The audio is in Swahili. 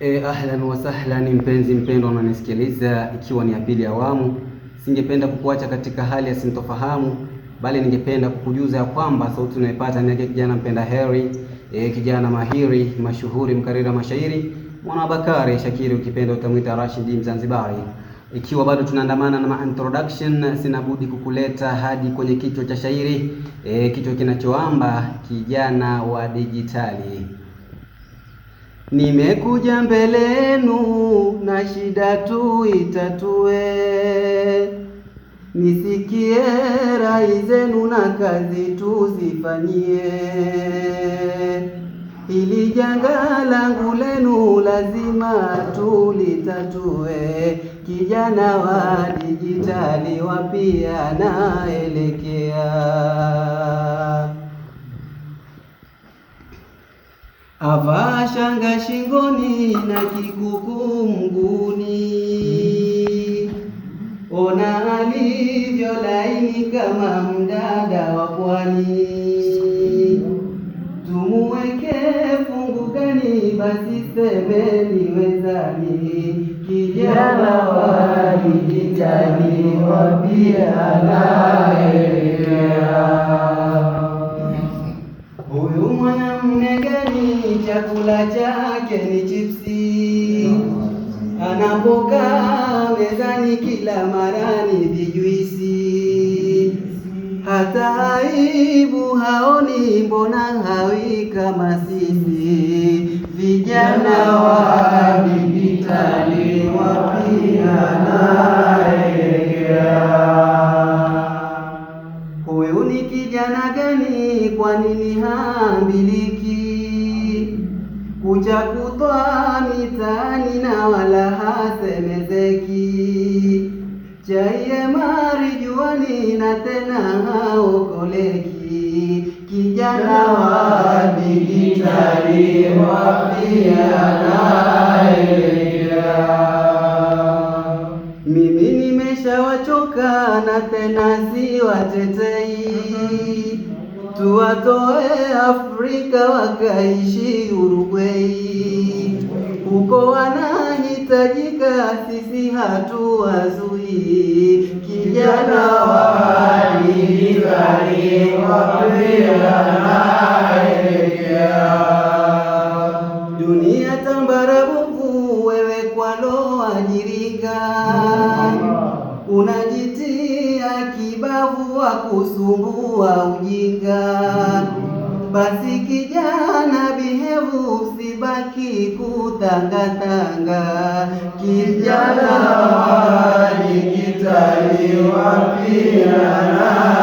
E, ahlan wa sahlan mpenzi mpendwa unanisikiliza, ikiwa ni ya pili awamu, singependa kukuacha katika hali ya sintofahamu, bali ningependa kukujuza ya kwamba sauti unayopata ni yake kijana mpenda heri, e, kijana mahiri mashuhuri, mkariri mashairi, mwana Bakari Shakiri, ukipenda utamwita Rashidi Mzanzibari. Ikiwa bado tunaandamana na introduction, sina budi kukuleta hadi kwenye kichwa cha shairi e, kichwa kinachoamba kijana wa dijitali. Nimekuja mbele yenu na shida tu itatue, nisikie rai zenu na kazi tuzifanyie. ili janga langu lenu lazima tulitatue. Kijana wa dijitali wapia naelekea avaa shanga shingoni na kikuku mguni. ona alivyo laini kama mdada wa pwani. Tumuweke fungu gani? Basi semeni wezani, kijana wa kijani wapia naye ni chipsi, anapokaa mezani kila mara ni vijuisi, hata aibu haoni, mbona hawi kama sisi vijana wa dijitali wapia naelekea. Huyu ni kijana gani? Kwa nini hambiliki? kuja kutwa mitaani na wala hasemezeki, mari juani na tena haokoleki, kijana wa dijitali wapia naelea. Mimi nimeshawachoka na tena siwatetei tuwatoe Afrika wakaishi Uruguay, huko wanahitajika, sisi hatuwazui. Kijana wa hali na naelekea dunia tambara bovu, wewe kwalo ajirika unajitia kibavu wa kusumbua ujinga. Basi kijana bihevu, usibaki kutangatanga. Kijana alikitaliwa pia